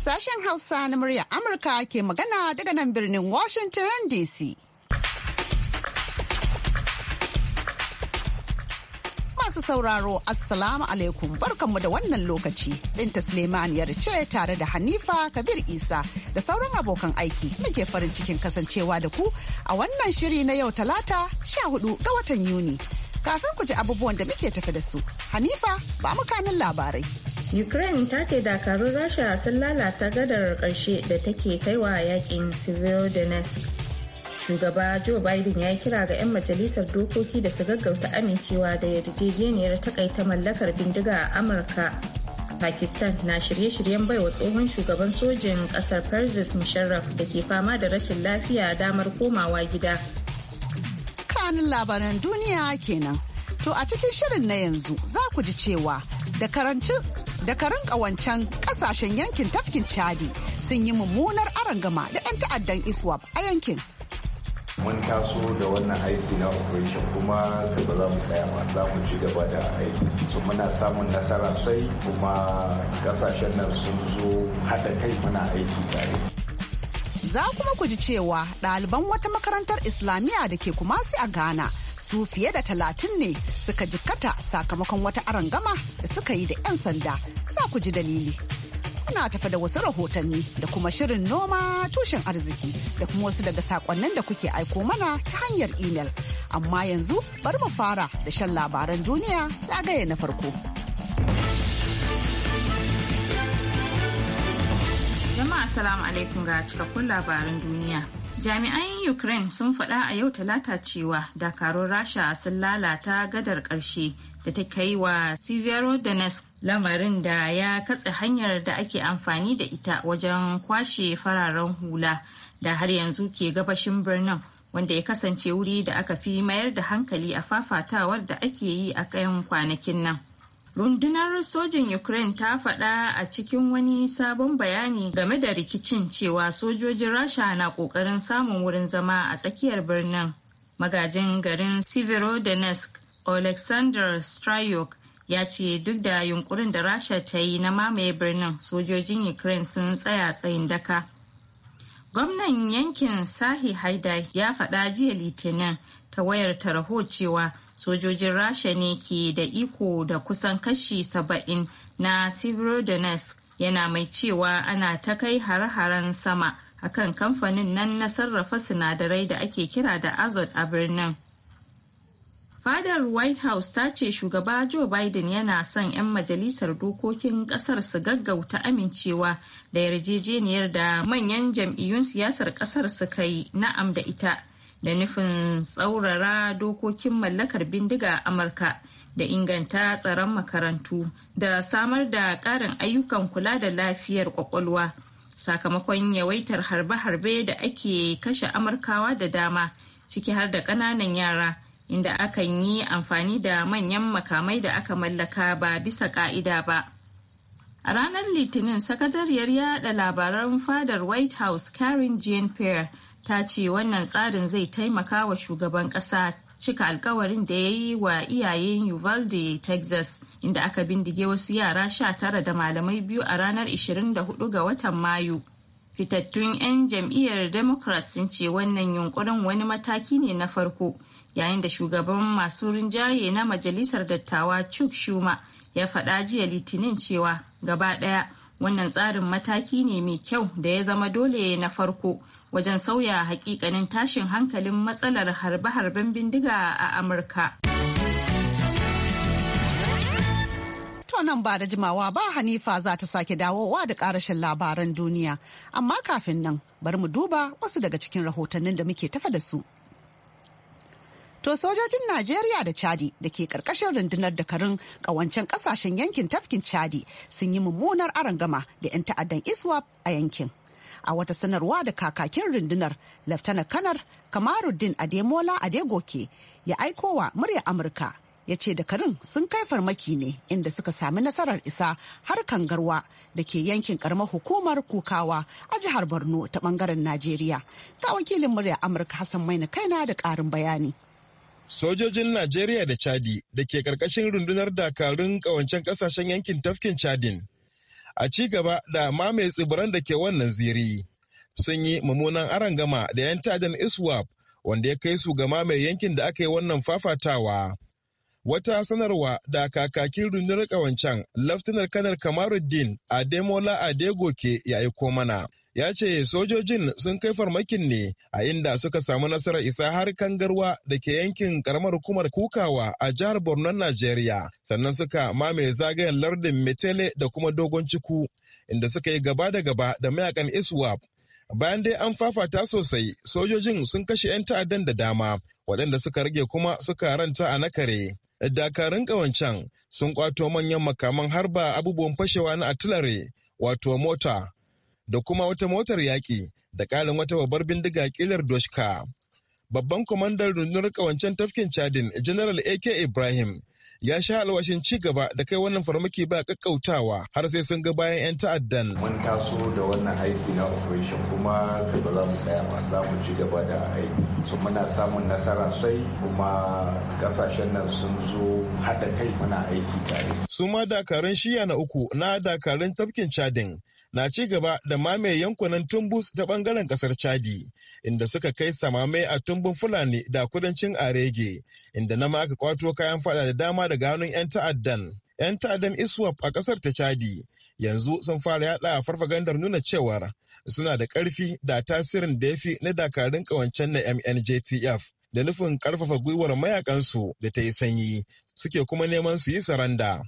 Sashen Hausa na murya Amurka ke magana daga nan birnin Washington DC. Masu sauraro, Assalamu alaikum barkanmu da wannan lokaci. Binta Suleiman ce tare da Hanifa Kabir Isa da sauran abokan aiki muke farin cikin kasancewa da ku a wannan shiri na yau talata 14 ga watan Yuni. Kafin ku ji abubuwan da muke tafi da su, Hanifa ba mu kanin labarai. ukraine ta ce dakarun rasha sun lalata gadar karshe da take kaiwa yakin donetsk shugaba joe biden ya kira ga 'yan majalisar dokoki da su gaggauta amincewa da yarjejeniyar takaita mallakar bindiga a amurka pakistan na shirye-shiryen baiwa tsohon shugaban sojin kasar pervis musharraf da ke fama da rashin lafiya damar komawa gida kanin labaran duniya kenan to a cikin shirin na yanzu za ku ji cewa da karancin da karin ƙawancen ƙasashen yankin tafkin Chadi sun yi mummunar arangama da 'yan ta'addan ISWAP a yankin. mun taso da wannan aiki na operation kuma ba za mu tsaya ba za mu ci gaba da aiki su muna samun nasara sai kuma kasashen nan sun zo hada kai muna aiki tare za kuma ku ji cewa ɗaliban wata makarantar islamiyya da ke kumasi a ghana su fiye da talatin ne suka jikkata sakamakon wata arangama da suka yi da 'yan sanda za ku ji dalili Kuna tafa da wasu rahotanni da kuma shirin noma tushen arziki da kuma wasu daga sakonnin da kuke aiko mana ta hanyar imel amma yanzu bari mu fara da shan labaran duniya zagaye na farko jama'a salamu alaikum ga cikakkun labaran duniya Jami'an Ukraine sun faɗa a yau talata cewa dakarun Rasha sun lalata gadar ƙarshe da ta kai wa Severodonetsk lamarin da ya katse hanyar da ake amfani da ita wajen kwashe fararen hula da har yanzu ke gabashin birnin wanda ya kasance wuri da aka fi mayar da hankali a fafatawar da ake yi a kayan kwanakin nan. Rundunar sojin Ukraine ta faɗa a cikin wani sabon bayani game da rikicin cewa sojojin Rasha na ƙoƙarin samun wurin zama a tsakiyar birnin. Magajin garin Severodonetsk, Oleksandr Stryok, ya ce duk da yunkurin da Rasha ta yi na mamaye birnin, sojojin Ukraine sun tsaya tsayin daka. Gwamnan yankin Sahi Haidai ya faɗa jiya Litinin ta wayar tarho cewa sojojin rasha ne ke da iko da kusan kashi saba'in na severodonetsk yana mai cewa ana ta kai hare-haren sama akan kamfanin nan na sarrafa sinadarai da ake kira da azot a birnin fadar white house ta ce shugaba joe biden yana son 'yan majalisar dokokin kasar su gaggauta amincewa da yarjejeniyar da manyan jam'iyyun siyasar kasar su kai na'am da ita da nufin tsaurara dokokin mallakar bindiga a amurka da inganta tsaron makarantu da samar da ƙarin ayyukan kula da lafiyar kwakwalwa sakamakon yawaitar harbe-harbe da ake kashe amurkawa da dama ciki har da ƙananan yara inda akan yi amfani da manyan makamai da aka mallaka ba bisa ƙa'ida ba a ranar litinin sakatariyar yada labaran fadar white house karen jean pierre ta ce wannan tsarin zai taimaka wa shugaban kasa cika alkawarin da ya yi wa iyayen Uvalde, Texas, inda aka bindige wasu yara sha tara da malamai biyu a ranar 24 ga watan Mayu. Fitattun 'yan jam'iyyar Democrat sun ce wannan yunkurin wani mataki ne na farko, yayin da shugaban masu rinjaye na Majalisar Dattawa Chuck Schumer ya faɗa jiya Litinin cewa gaba ɗaya wannan tsarin mataki ne mai kyau da ya zama dole na farko. wajen sauya hakikanin tashin hankalin matsalar harbe-harben bindiga a Amurka. nan ba da jimawa ba Hanifa za ta sake dawowa da karashin labaran duniya. Amma kafin nan bari mu duba wasu daga cikin rahotannin da muke tafa da su. To sojojin Najeriya da Chadi da ke karkashin rundunar dakarun kawancen kasashen yankin tafkin Chadi sun yi mummunar arangama da 'yan ta'addan ISWAP a yankin. a wata sanarwa da kakakin rundunar laftanar kanar kamaruddin ademola adegoke ya aikowa murya amurka ya ce dakarun sun kai farmaki ne inda suka sami nasarar isa har garwa da ke yankin karamar hukumar kukawa a jihar borno ta bangaren najeriya ga wakilin murya amurka hassan maina kaina da karin bayani sojojin najeriya da chadi da ke ƙarƙashin rundunar dakarun kawancen ƙasashen yankin tafkin chadin a ci gaba da mai tsibiran da ke wannan ziri. Sun yi mummunan arangama da 'yan tajan ISWAP wanda ya kai su ga mamaye yankin da aka yi wannan fafatawa. Wata sanarwa da kakakin rundunar ƙawancen Laftanar Kanar Kamaruddin Ademola Adegoke ya aiko mana ya ce sojojin sun kai farmakin ne a inda suka samu nasarar isa har kangarwa da ke yankin karamar hukumar kukawa a jihar borno najeriya sannan suka mamaye zagayen lardin metele da kuma dogon ciku inda suka yi gaba da gaba da mayakan iswap bayan dai an fafata sosai sojojin sun kashe 'yan ta'addan da dama waɗanda suka rage kuma suka ranta a nakare dakarun ƙawancen sun kwato manyan makaman harba abubuwan fashewa na atilare wato mota da kuma wata motar yaƙi da ƙarin wata babbar bindiga ƙilar doshka babban kwamandan rundunar ƙawancen tafkin chadin general ak ibrahim ya sha alwashin ci gaba da kai wannan farmaki ba kakkautawa har sai sun ga bayan 'yan ta'addan. Mun taso da wannan aiki na operation kuma kai ba za mu tsaya ba za mu ci gaba da aiki. So muna samun nasara sai kuma kasashen nan sun zo haɗa kai muna aiki tare. Su ma dakarun shiya na uku na dakarun tafkin Chadin na ci gaba da mamaye yankunan tumbus ta bangaren kasar chadi inda suka kai samame a tumbun fulani da kudancin arege inda na aka kwato kayan fada da dama daga hannun 'yan ta'addan 'yan ta'addan iswap a kasar ta chadi yanzu sun fara yada farfagandar nuna cewar suna da karfi da tasirin da ya fi na dakarun kawancen na mnjtf da nufin karfafa gwiwar mayakansu da ta yi sanyi suke kuma neman su yi saranda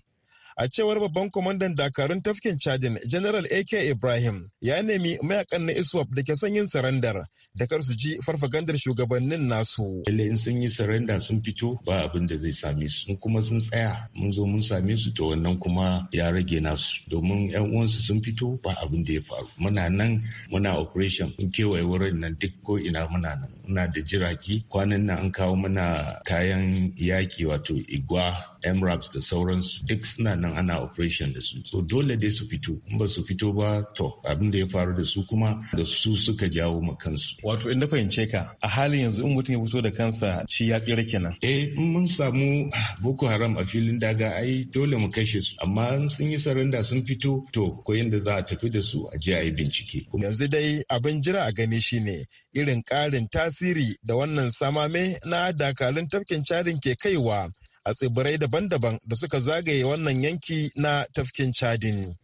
a cewar babban kwamandan dakarun tafkin chadin general ak ibrahim ya nemi mayakan na iswap da ke sanyin sarandar da kar su ji farfagandar shugabannin nasu lalle in sun yi saranda sun fito ba abin da zai same su kuma sun tsaya mun zo mun same su to wannan kuma ya rage nasu domin yan uwansu sun fito ba abin da ya faru muna nan muna operation in kewaye wurin nan duk ko ina muna nan muna da jiraki kwanan nan an kawo mana kayan yaki wato igwa mraps da sauransu duk suna nan ana operation da su so dole dai su fito in ba su fito ba to abin da ya faru da su kuma da su suka jawo ma kansu wato in fahimce ka a halin yanzu in mutum ya fito da kansa shi ya tsira kenan eh mun samu boko haram a filin daga ai dole mu kashe su amma sun yi saranda sun fito to ko yanda za a tafi da su a je a yi bincike yanzu dai abin jira a gani shine irin ƙarin tasiri da wannan samame na dakalin tafkin carin ke kaiwa a tsibirai daban-daban da suka zagaye wannan yanki na tafkin Chadin.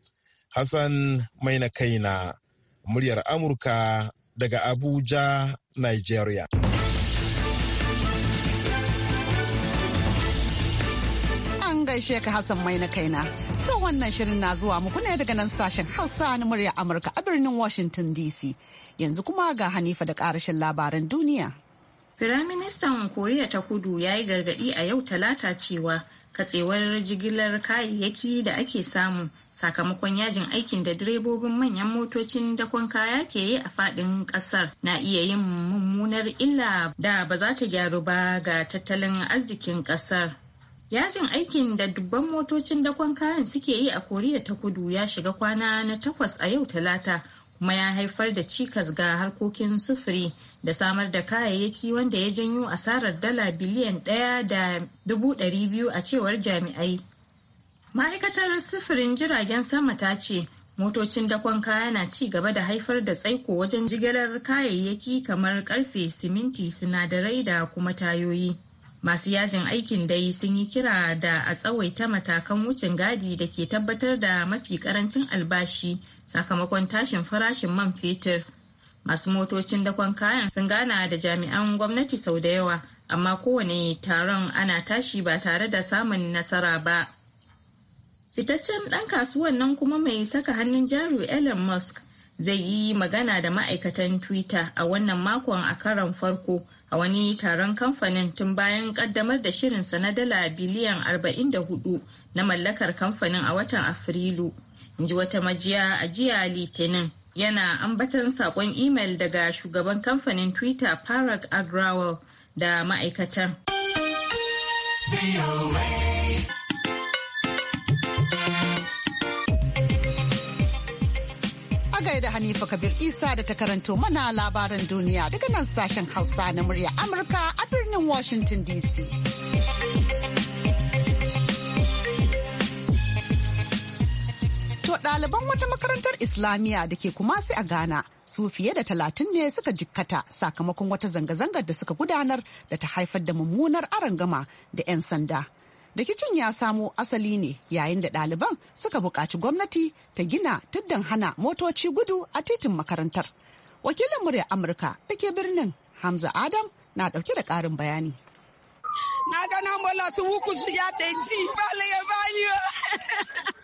Hassan mai na kaina, muryar Amurka daga Abuja, Nigeria. An gaishe ka Hassan mai na kaina. To wannan shirin na zuwa muku ne daga nan sashen Hausa na muryar Amurka a birnin Washington DC. Yanzu kuma ga Hanifa da ƙarashin labaran duniya. Firaministan Koriya ta Kudu ya yi gargaɗi a yau talata cewa katsewar jigilar kayayyaki da ake samu sakamakon yajin aikin da direbobin manyan motocin dakon kaya ke yi a fadin kasar na iya yin mummunar illa da ba za ta gyaru ba ga tattalin arzikin kasar yajin aikin da dubban motocin dakon kayan suke yi a koriya ta kudu ya shiga kwana na takwas a yau talata kuma ya haifar da cikas ga harkokin sufuri da samar da kayayyaki wanda ya janyo asarar dala biliyan ɗaya da dubu ɗari biyu a cewar jami'ai ma'aikatar sufurin jiragen sama ta ce motocin dakon kaya na ci gaba da haifar da tsaiko wajen jigilar kayayyaki kamar karfe siminti sinadarai da kuma tayoyi masu yajin aikin dai sun yi kira da a tsawaita matakan wucin gadi da ke tabbatar da mafi karancin albashi sakamakon tashin farashin man fetur masu motocin dakon kayan sun gana da jami'an gwamnati sau da yawa amma kowane taron ana tashi ba tare da samun nasara ba fitaccen ɗan kasuwan nan kuma mai saka hannun jari elon musk zai yi magana da ma'aikatan twitter a wannan makon a karon farko a wani taron kamfanin tun bayan kaddamar da shirinsa na dala biliyan 44 na mallakar kamfanin a watan afrilu In ji wata majiya a jiya litinin yana ambaton sakon imel daga shugaban kamfanin twitter parag agrawal da ma'aikatan da Hanifa Kabir Isa da ta karanto mana labaran duniya daga nan sashen Hausa na murya Amurka a birnin Washington DC. To ɗaliban wata makarantar Islamiyya da ke Kumasi a Ghana su fiye da talatin ne suka jikkata sakamakon wata zanga-zangar da suka gudanar da ta haifar da mummunar arangama da 'yan sanda. Rikicin ya samo asali ne yayin da ɗaliban suka buƙaci gwamnati ta gina tuddan hana motoci gudu a titin makarantar. Wakilin murya Amurka da ke birnin Hamza Adam na ɗauke da ƙarin bayani. Na gana mola su wuku su ya ta ji, ba ya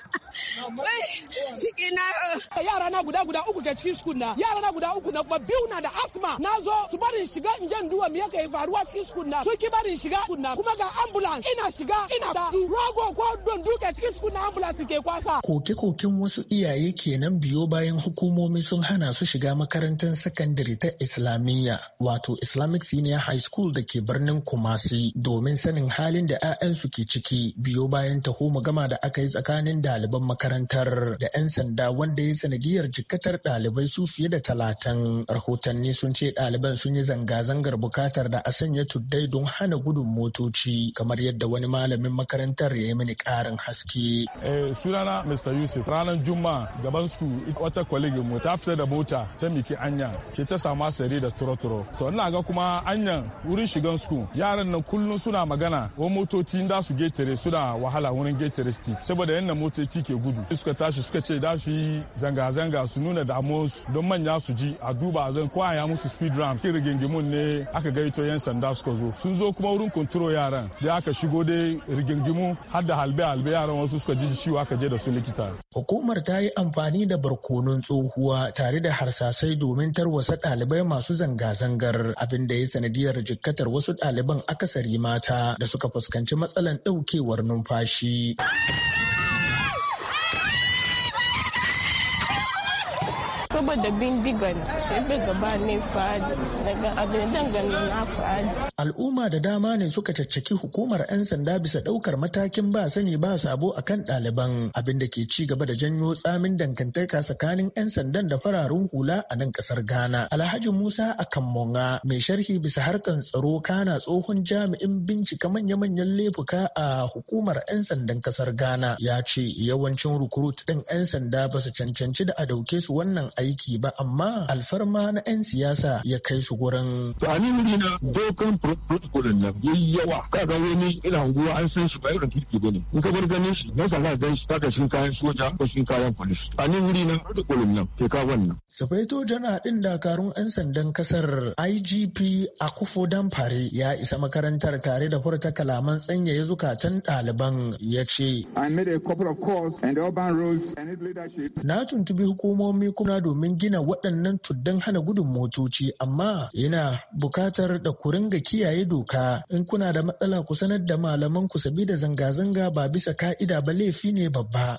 ciki na uh, yara na guda guda uku ke cikin sukun na yara na guda uku na kuma biyu na da asma na zo su bari shiga in jan duwa me yake faruwa cikin sukun na sun ki bari shiga kunna kuma ga ambulance ina shiga ina da rogo ko don duke cikin sukun na ambulance ke kwasa koke-koken wasu iyaye kenan biyo bayan hukumomi sun hana su shiga makarantar sakandare ta islamiyya wato islamic senior high school da ke birnin kumasi domin sanin halin da 'ya'yansu ke ciki biyo bayan taho gama da aka yi tsakanin daliban makarantar makarantar da 'yan sanda wanda ya sanadiyar jikatar ɗalibai su fiye da talatin. Rahotanni sun ce ɗaliban sun yi zanga-zangar bukatar da a sanya tuddai don hana gudun motoci kamar yadda wani malamin makarantar ya yi mini ƙarin haske. Eh, sunana Mr. Yusuf ranar juma gaban su wata kwaligin mu ta fita da mota ta miki anya ce ta samu asari da turo-turo. To ina ga kuma anyan wurin shigan su yaran nan kullum suna magana wa motoci da su getare suna wahala wurin getare street saboda yadda motoci ke gudu. gudu suka tashi suka ce da su yi zanga-zanga su nuna damuwarsu don manya su ji a duba zan kwaya musu speed ramp kin rigingimun ne aka gaito yan sanda suka zo sun zo kuma wurin kontro yaran da aka shigo dai rigingimu har da halbe-halbe yaran wasu suka ji ciwo aka je da su likita hukumar ta yi amfani da barkonon tsohuwa tare da harsasai domin tarwasa ɗalibai masu zanga-zangar abin da ya sanadiyar jikkatar wasu ɗaliban akasari mata da suka fuskanci matsalan ɗaukewar numfashi. saboda bindigan shebe gaba ne fadi daga abin dangane na fadi. Al'umma da dama ne suka caccaki hukumar 'yan sanda bisa daukar matakin ba sani ba sabo akan ɗaliban abin da ke ci gaba da janyo tsamin dangantaka tsakanin 'yan sandan da fararen hula a nan kasar Ghana. Alhaji Musa Akammonga mai sharhi bisa harkan tsaro kana tsohon jami'in bincika manya-manyan laifuka a hukumar 'yan sandan kasar Ghana ya ce yawancin rukurut ɗin 'yan sanda ba su cancanci da a dauke su wannan aiki aiki ba amma alfarma na 'yan siyasa ya kai su gurin. To a wuri na dokan protocol nan yi yawa kaga wani ina hanguwa an san shi ba irin kirki bane in ka bar ganin shi na sala gan shi kaka shin kayan soja ko shin kayan police a ni wuri na protocol nan ke ka wannan. Safaito jana din dakarun 'yan sandan kasar IGP Akufo Damfare ya isa makarantar tare da furta kalaman tsanyaya zukatan ɗaliban ya ce. I made a couple of calls and urban roads and leadership. Na tuntubi hukumomi kuma domin gina waɗannan tuddan hana gudun motoci amma yana buƙatar da ku ringa kiyaye doka in kuna da matsala ku sanar da malaman ku sabida zanga-zanga ba bisa ka'ida ba laifi ne babba.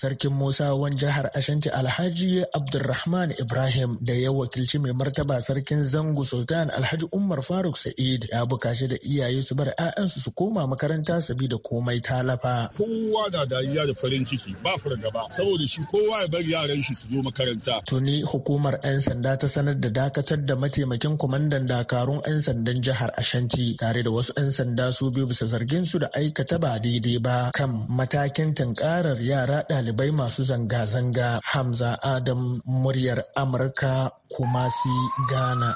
Sarkin Musa wan jihar Ashanti Alhaji Abdulrahman Ibrahim da ya wakilci mai martaba sarkin Zango Sultan Alhaji Umar Faruk Sa'id ya bukaci da iyaye su bar 'ya'yansu su koma makaranta sabida komai talafa. Kowa da dariya da farin ciki ba fargaba saboda shi kowa ya bari yaran shi su zo makaranta. Tuni hukumar 'yan sanda ta sanar da dakatar da mataimakin kwamandan dakarun 'yan sandan jihar Ashanti tare da wasu 'yan sanda su biyu bisa zargin su da aikata ba daidai ba kan matakin tunkarar yara ɗalibai masu zanga-zanga Hamza Adam muryar Amurka Kumasi Ghana.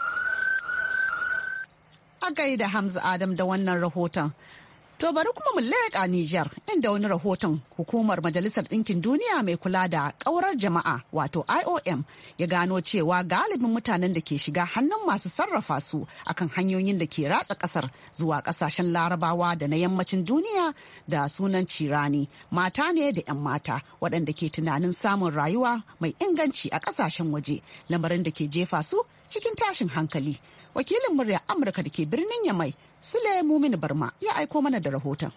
A gaida Hamza Adam da wannan rahoton. To bari kuma mu leƙa Nijar inda wani rahoton hukumar Majalisar Ɗinkin Duniya mai kula da ƙaurar jama'a wato IOM ya gano cewa galibin mutanen da ke shiga hannun masu sarrafa su akan hanyoyin da ke ratsa ƙasar zuwa ƙasashen larabawa da na yammacin duniya da sunan cirani mata ne da 'yan mata waɗanda ke tunanin samun rayuwa mai inganci a ƙasashen waje lamarin da ke jefa su cikin tashin hankali. Wakilin murya Amurka da ke birnin Yamai Sule Mumini Barma ya aiko mana da rahoton.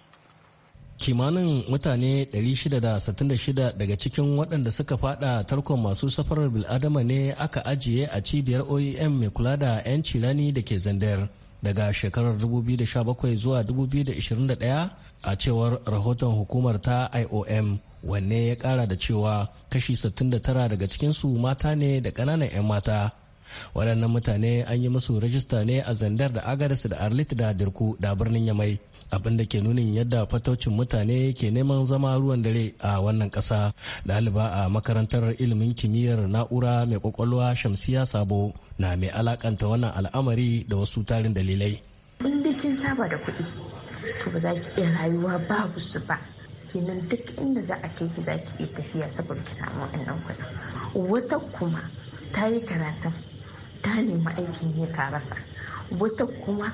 Kimanin mutane 666 daga cikin waɗanda suka fada tarkon masu safarar bil'adama ne aka ajiye a cibiyar OEM mai kula da 'yan cilani da ke zandar daga shekarar 2017 zuwa 2021 a cewar rahoton hukumar ta IOM wanne ya ƙara da cewa kashi 69 daga cikinsu mata ne da ƙananan 'yan mata. waɗannan mutane an yi musu rajista ne a zandar da agadas da arlit da dirku da birnin yamai abinda ke nunin yadda fataucin mutane ke neman zama ruwan dare a wannan ƙasa ɗaliba a makarantar ilimin kimiyyar na'ura mai kwakwalwa shamsiya sabo na mai alakanta wannan al'amari da wasu tarin dalilai in dai kin saba da kuɗi to ba za ki iya rayuwa babu su ba kenan duk inda za a kai ki za ki iya tafiya saboda ki samu wannan kuɗin wata kuma ta yi karatun ta nemi aikin yi ta rasa wata kuma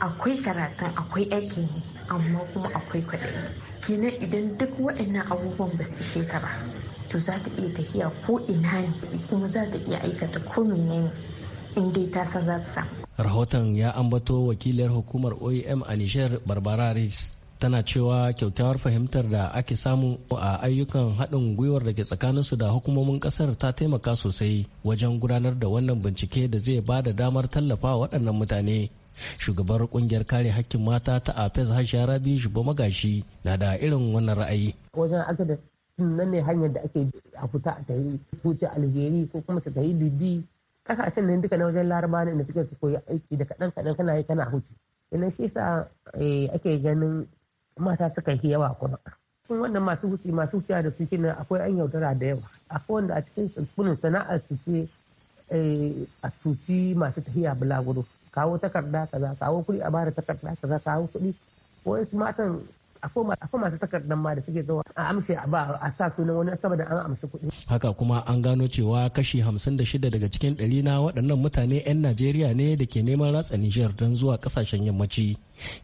akwai karatun akwai aikin yi amma kuma akwai kwaɗayi kenan idan duk waɗannan abubuwan ba su ishe ta ba to za ta iya tafiya ko ina ne kuma za ta iya aikata ko menene in dai ta san za ta samu rahoton ya ambato wakilar hukumar oem a nishar barbara Reeves. tana cewa kyaukyawar fahimtar da ake samu a ayyukan haɗin gwiwar da ke tsakanin su da hukumomin kasar ta taimaka sosai wajen gudanar da wannan bincike da zai ba da damar tallafa waɗannan mutane shugabar kungiyar kare hakkin mata ta apes hashiya rabi shubo magashi na da irin wannan ra'ayi wajen agadas nan ne hanyar da ake a fita a tahi su wuce aljeri ko kuma su tahi libi kasashen nan duka na wajen laraba ne da suke su koyi aiki da kaɗan kaɗan kana yi kana huce ina shi sa eh, ake ganin mata suka yi yawa kuma kun wannan masu wuce masu wuce da su kenan akwai an yaudara da yawa akwai wanda a cikin sunan sana'ar su ce eh, a tuci masu tafiya bulaguro kawo takarda kaza kawo kuɗi a bada takarda kaza kawo kuɗi wasu matan akwai masu takardar ma da suke zuwa a amsa ba a sa sunan wani saboda an amsa kuɗi. Haka kuma an gano cewa kashi shida daga cikin ɗari na waɗannan mutane 'yan Najeriya ne da ke neman ratsa Nijar don zuwa ƙasashen yammaci.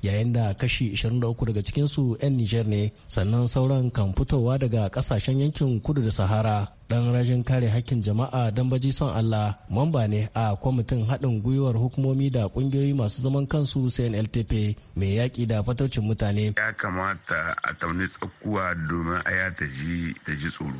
yayin da kashi 23 daga cikinsu 'yan Nijar ne sannan sauran kan fitowa daga kasashen yankin kudu da Sahara. Dan rajin kare hakkin jama'a dan baji son Allah mamba ne a kwamitin haɗin gwiwar hukumomi da ƙungiyoyi masu zaman kansu CNLTP mai yaƙi da fataucin mutane. Ya kamata a tauni tsakuwa domin aya ta ji tsoro.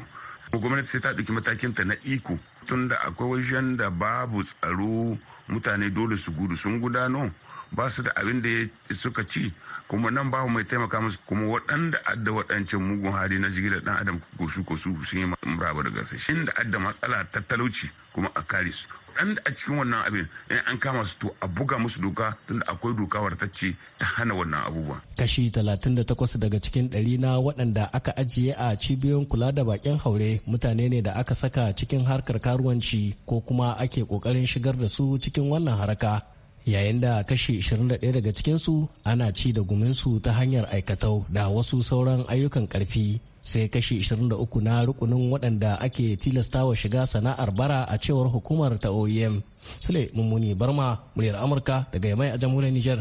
gwamnati sai ta ɗauki matakin ta na iko tunda akwai wajen da babu tsaro mutane dole su gudu sun gudano ba su da abin da suka ci kuma nan babu mai taimaka musu kuma waɗanda adda waɗancan mugun hali na jigilar ɗan adam ko su ko su sun yi muraba da gasa shin da adda matsala ta talauci kuma a kare su waɗanda a cikin wannan abin in an kama su to a buga musu doka tunda akwai doka wartacce ta hana wannan abubuwa Kashi 38 daga cikin ɗari na waɗanda aka ajiye a cibiyoyin kula da bakin haure mutane ne da aka saka cikin harkar karuwanci ko kuma ake ƙoƙarin shigar da su cikin wannan haraka yayin da kashi 21 daga cikinsu ana ci da guminsu ta hanyar aikatau da wasu sauran ayyukan karfi sai kashi 23 na rukunin waɗanda ake tilasta wa shiga sana'ar bara a cewar hukumar ta oem sule mummuni barma muryar amurka daga yamai a jamhuriyar niger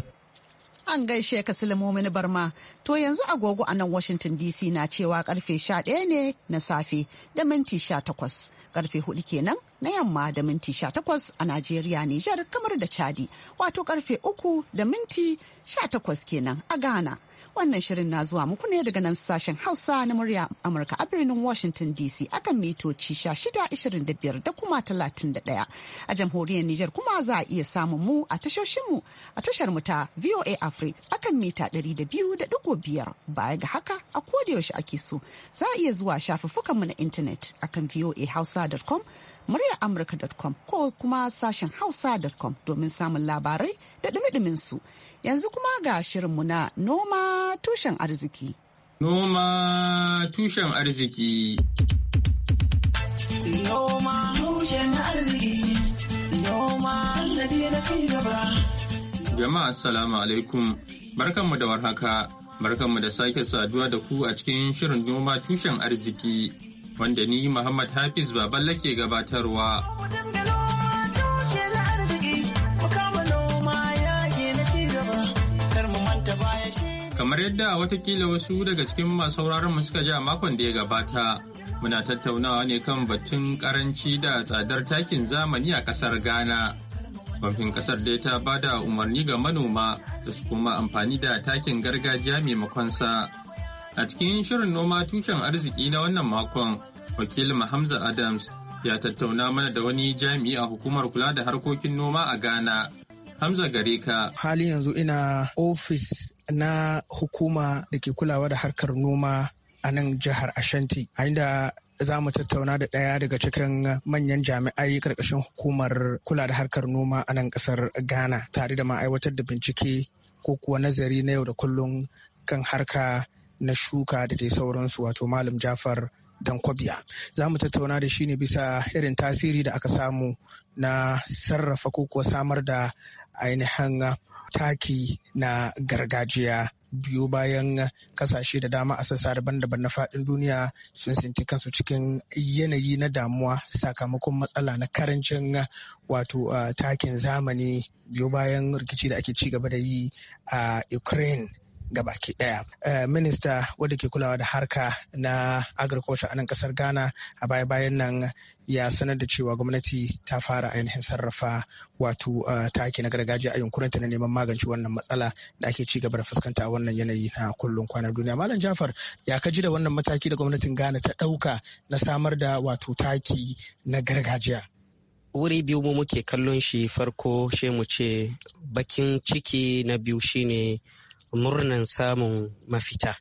an gaishe ka silimomin barma to yanzu agogo a nan washington dc na cewa karfe 11 ne na safe da minti 18 karfe hudu kenan na yamma da minti sha takwas a Najeriya Nijar kamar da Chadi wato karfe uku da minti sha takwas kenan a Ghana. Wannan shirin na zuwa muku ne daga nan sashen Hausa na murya Amurka a birnin Washington DC akan mitoci shida 1625 da kuma 31. A jamhuriyar Nijar kuma za a iya samun mu a tashoshinmu a tashar mu ta VOA Africa akan mita da da biyu 200.5 baya ga haka a kodayaushe ake so za a iya zuwa shafuffukanmu na intanet akan voahausa.com muryaamurka.com ko kuma sashen hausa.com domin samun labarai da dumi su. Yanzu kuma ga shirinmu na noma tushen arziki. Noma tushen arziki. Noma tushen arziki. Noma na Jama'a Salamu alaikum barkanmu da warhaka barkanmu da sake saduwa da ku a cikin shirin noma tushen arziki wanda ni Muhammad Hafiz baballe ke gabatarwa. Kamar yadda watakila wasu daga cikin masu mu suka ji a makon da ya gabata, muna tattaunawa ne kan batun karanci da tsadar takin zamani a kasar Ghana. Bamfin kasar dai ta bada umarni ga manoma da su kuma amfani da takin gargajiya maimakon sa. A cikin shirin noma tushen arziki na wannan makon, wakilin Hamza Adams ya tattauna mana da wani jami'i a hukumar kula da harkokin noma a Ghana. Hamza gare ka. Halin yanzu ina ofis na hukuma da ke kulawa da harkar noma a nan jihar Ashanti, a inda za mu tattauna da ɗaya daga cikin manyan jami'ai ƙarƙashin hukumar kula da harkar noma a nan ƙasar Ghana tare da ma'aiwatar da bincike ko kuwa nazari na yau da kullum kan harka na shuka da dai sauransu wato malam jafar dankwabiya za mu tattauna da shi ne bisa irin tasiri da aka samu na sarrafa ko kuwa samar da ainihin taki na gargajiya biyu bayan kasashe da dama a sassa daban-daban na faɗin duniya sun sinci kansu cikin yanayi na damuwa sakamakon matsala na karancin wato takin zamani biyu bayan rikici da ake ci gaba da yi a ukraine gabaki daya. Eh, minista wadda ke kulawa da harka na agriculture a nan kasar Ghana a baya-bayan nan ya sanar da cewa gwamnati ta fara ainihin sarrafa wato eh, taki na gargajiya a yunkurinta na neman magance wannan matsala da ake ci gaba da fuskanta a wannan yanayi na kullum kwanar duniya. Malam Jafar ya kaji da wannan mataki da gwamnatin Ghana ta ɗauka na samar da wato taki na gargajiya. wuri biyu mu muke kallon shi farko shi mu ce bakin ciki na biyu shine murnan samun mafita.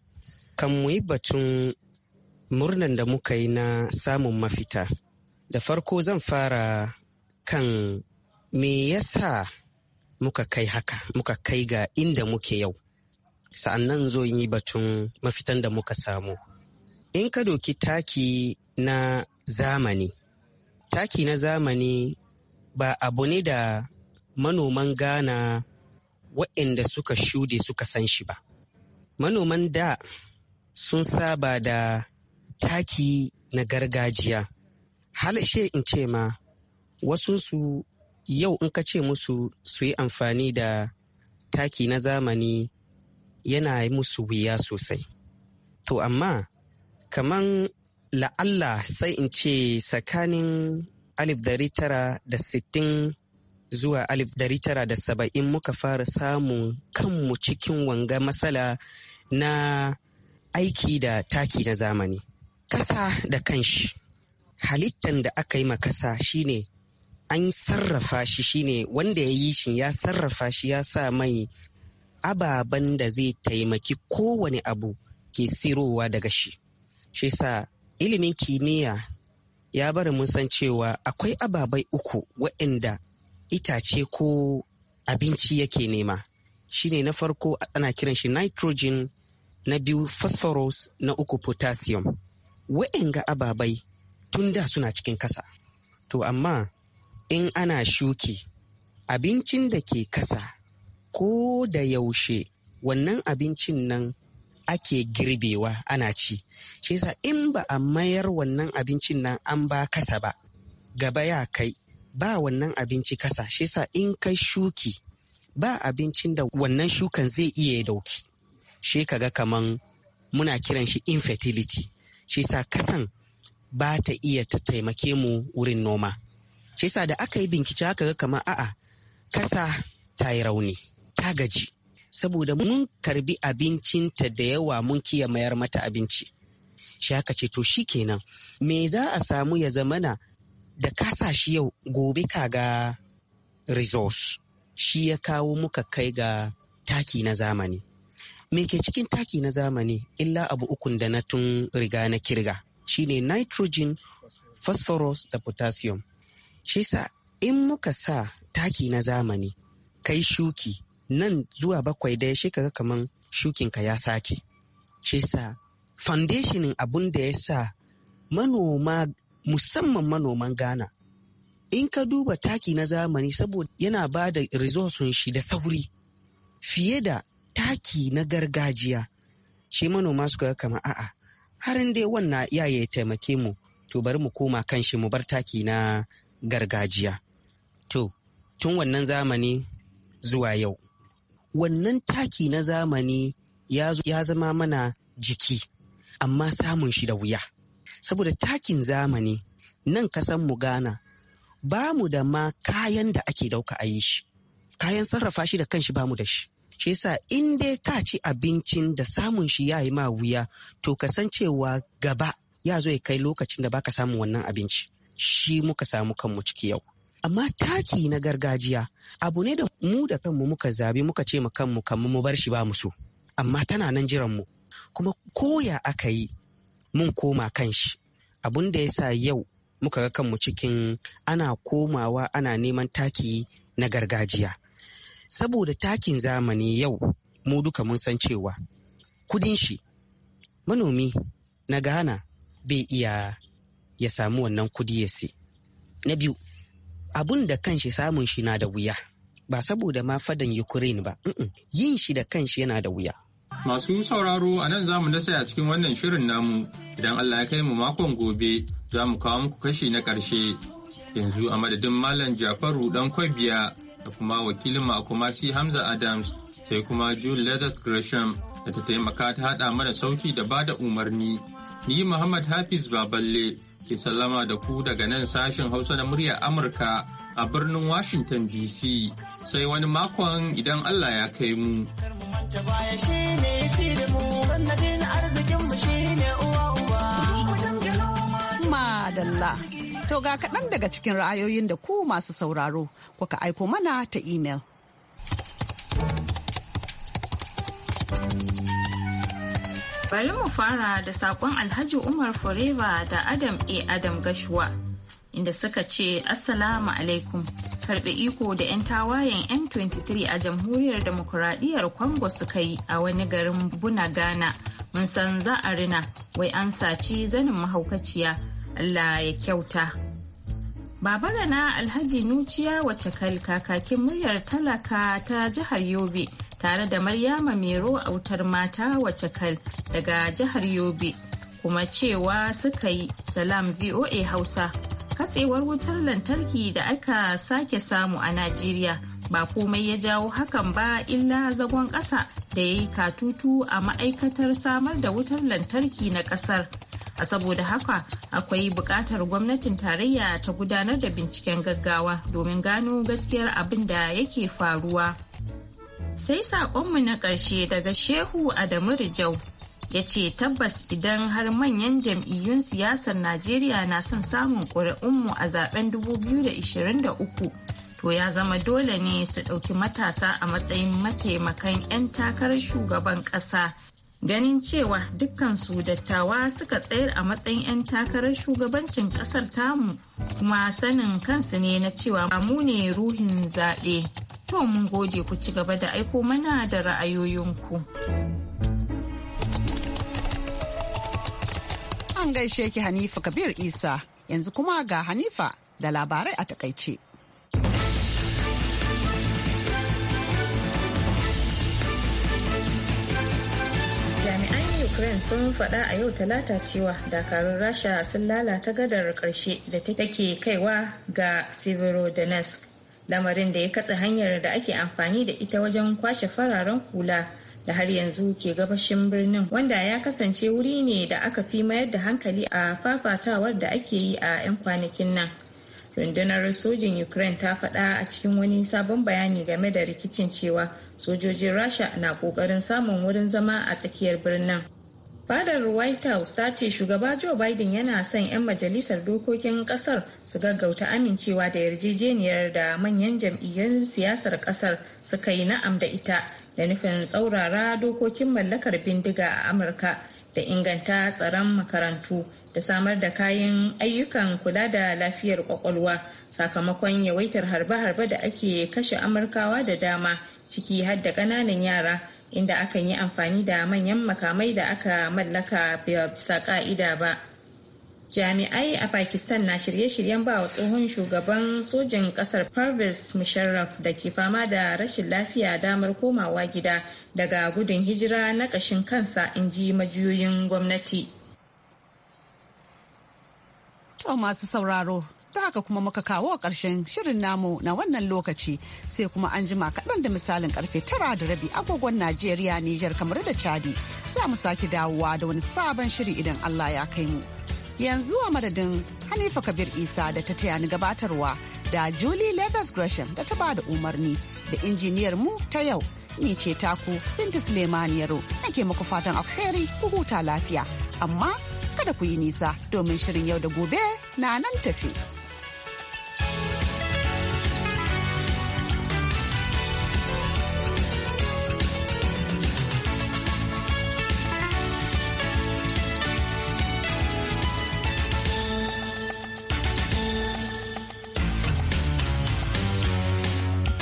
Kan mu yi batun murnan da muka yi na samun mafita. Da farko zan fara kan me yasa muka kai haka, muka kai ga inda muke yau. Sa'annan zo yi batun mafitan da muka samu. In ka doki taki na zamani, taki na zamani ba abu ne da manoman Ghana waɗanda suka shude suka san shi ba. Manoman da sun saba da taki na gargajiya. Halashe in ce ma wasu su yau in ka ce musu su yi amfani da taki na zamani yana yi musu wuya sosai. To amma kaman la'alla sai in ce tsakanin alif dari tara da sittin zuwa alif dari tara da saba'in muka fara samun kanmu cikin wanga matsala na aiki da taki na zamani. Kasa da kanshi, halittan da aka yi makasa ne an sarrafa shi shine wanda ya yi shi ya sarrafa shi ya sa mai ababen da zai taimaki kowane abu ke sirowa daga shi. Shi sa ilimin kimiyya ya bari mun san cewa akwai ababai uku waɗanda itace ko abinci yake nema shine na farko ana kiran shi nitrogen na biyu phosphorus na uku potassium wa'inga ababai tun da suna cikin kasa to amma in ana shuki abincin da ke kasa ko da yaushe wannan abincin nan ake girbewa ana ci shi yasa in ba a mayar wannan abincin nan an ba kasa ba gaba ya kai ba wannan abinci kasa shi sa in ka shuki ba abincin da wannan shukan zai iya dauki shi kaga kaman muna kiran shi infertility shi sa kasan ba ta iya ta taimake mu wurin noma shi sa da aka yi bincike aka ga kaman a'a kasa ta yi rauni ta gaji saboda mun karbi abincinta da yawa mun kiya mayar mata abinci shi aka ce to shi kenan me za a samu ya zamana da kasa shi yau gobe ka ga shi ya kawo muka kai ga taki na zamani me ke cikin taki na zamani illa abu ukun da na tun riga na kirga shine nitrogen phosphorus da potassium shi sa in muka sa taki na zamani kai shuki nan zuwa bakwai ya shi kaga kaman shukinka ya sake shi sa foundationin abun da ya sa manoma musamman manoman Ghana. In ka duba taki na zamani saboda yana ba da resourcin shi da sauri fiye da taki na gargajiya. Shi manoma suka ga kama a'a harin dai wannan ya ya taimake mu to bari mu koma kan shi mu bar taki na gargajiya. To, tun wannan zamani zuwa yau. Wannan taki na zamani ya zama mana jiki, amma samun shi da wuya. saboda takin zamani nan kasan mu gana, ba mu da ma kayan da ake dauka a yi shi kayan sarrafa shi da kanshi ba mu da shi shi yasa in dai ka ci abincin da samun shi ya yi ma wuya to kasancewa gaba ya zo ya kai lokacin da baka samu wannan abinci shi muka samu kanmu ciki yau amma taki na gargajiya abu ne da mu da kanmu muka zabi muka ce ma kanmu kamar mu bar shi ba mu so amma tana nan jiran mu kuma koya aka yi mun koma kan shi abun da ya sa yau muka ga kanmu cikin ana komawa ana neman taki na gargajiya saboda takin zamani yau mu duka mun san cewa kudin shi manomi na ghana bai iya ya samu wannan kudi ya si na biyu abun da kanshi samun shi na da wuya ba saboda ma fadan ukraine ba yin shi da kanshi yana da wuya Masu sauraro a nan za mu dasa a cikin wannan shirin namu idan Allah ya kai mu makon gobe za mu kawo muku kashi na ƙarshe. Yanzu a madadin Malam Jafaru ɗan kwabiya da kuma wakilin Makumasi Hamza Adams sai kuma Jude Leathers Gresham da ta taimaka ta haɗa mana sauki da ba da umarni. Ni Muhammad Hafiz Baballe ke sallama da ku daga nan sashen Hausa na muryar Amurka a birnin Washington DC sai wani makon idan Allah ya kai mu. arzikin mu shi ne to ga kaɗan daga cikin ra'ayoyin da ku masu sauraro kuka aiko mana ta imel. Bari mu fara da saƙon Alhaji Umar Forever da Adam A. Adam Gashuwa inda suka ce assalamu alaikum karbe iko da 'yan tawayen m23 a jamhuriyar demokuraɗiyyar kwango suka yi a wani garin buna ghana mun san za a rina wai an saci zanin mahaukaciya allah ya kyauta baba na alhaji nuciya wacce kakakin muryar talaka ta jihar yobe tare da maryama mero autar mata wacce kal daga jihar yobe kuma cewa suka yi salam voa hausa katsewar wutar lantarki da aka sake samu a najeriya ba komai ya jawo hakan ba illa zagon ƙasa da ya yi katutu a ma'aikatar samar da wutar lantarki na ƙasar a saboda haka akwai buƙatar gwamnatin tarayya ta gudanar da binciken gaggawa domin gano gaskiyar abin da yake faruwa sai saƙonmu na ƙarshe daga shehu adamu rijau ya ce tabbas idan har manyan jam'iyyun siyasar najeriya na son samun ƙuri'unmu a zaben 2023 to ya zama dole ne su ɗauki matasa a matsayin mataimakan 'yan takarar shugaban ƙasa ganin cewa dukkansu dattawa suka tsayar a matsayin 'yan takarar shugabancin ƙasar tamu kuma sanin kansu ne na cewa mu ne ruhin zaɓe to mun gode ku ci gaba da aiko mana da ra'ayoyinku. An gaishe ki Hanifa Kabir Isa yanzu kuma ga Hanifa da labarai a takaice. Jami'an Ukraine sun faɗa a yau talata cewa dakarun Rasha sun lalata gadar ƙarshe da take kaiwa ga Severodonetsk, lamarin da ya katse hanyar da ake amfani da ita wajen kwashe fararen hula. da har yanzu ke gabashin birnin wanda ya kasance wuri ne da aka fi mayar da hankali a fafatawar da ake yi a 'yan kwanakin nan rundunar sojin ukraine ta faɗa a cikin wani sabon bayani game da rikicin cewa sojojin rasha na ƙoƙarin samun wurin zama a tsakiyar birnin fadar white house ta ce shugaba joe biden yana son 'yan majalisar dokokin kasar su gaggauta amincewa da yarjejeniyar da manyan jam'iyyun siyasar kasar suka yi na'am da ita da nufin tsaurara dokokin mallakar bindiga a amurka da inganta tsaron makarantu da samar da kayan ayyukan kula da lafiyar kwakwalwa sakamakon yawaitar harbe-harbe da ake kashe amurkawa da dama ciki har da ƙananan yara inda akan yi amfani da manyan makamai da aka mallaka bisa ƙa'ida ba. jami'ai a pakistan na shirye-shiryen ba wa tsohon shugaban sojin kasar parvis musharraf da ke fama da rashin lafiya damar komawa gida daga gudun hijira na kashin kansa in ji majiyoyin gwamnati to masu sauraro ta haka kuma muka kawo ƙarshen shirin namu na wannan lokaci sai kuma an jima kaɗan da misalin karfe tara da rabi agogon najeriya nijar kamar da chadi za mu sake dawowa da wani sabon shiri idan allah ya kai mu yanzu a madadin hanifa kabir isa da ta taya ni gabatarwa da julie lagos gresham da ta bada umarni da injiniyar mu ta yau ni ce taku binta suleiman yaro nake muku fatan alheri ku huta lafiya amma kada ku yi nisa domin shirin yau da gobe na nan tafi.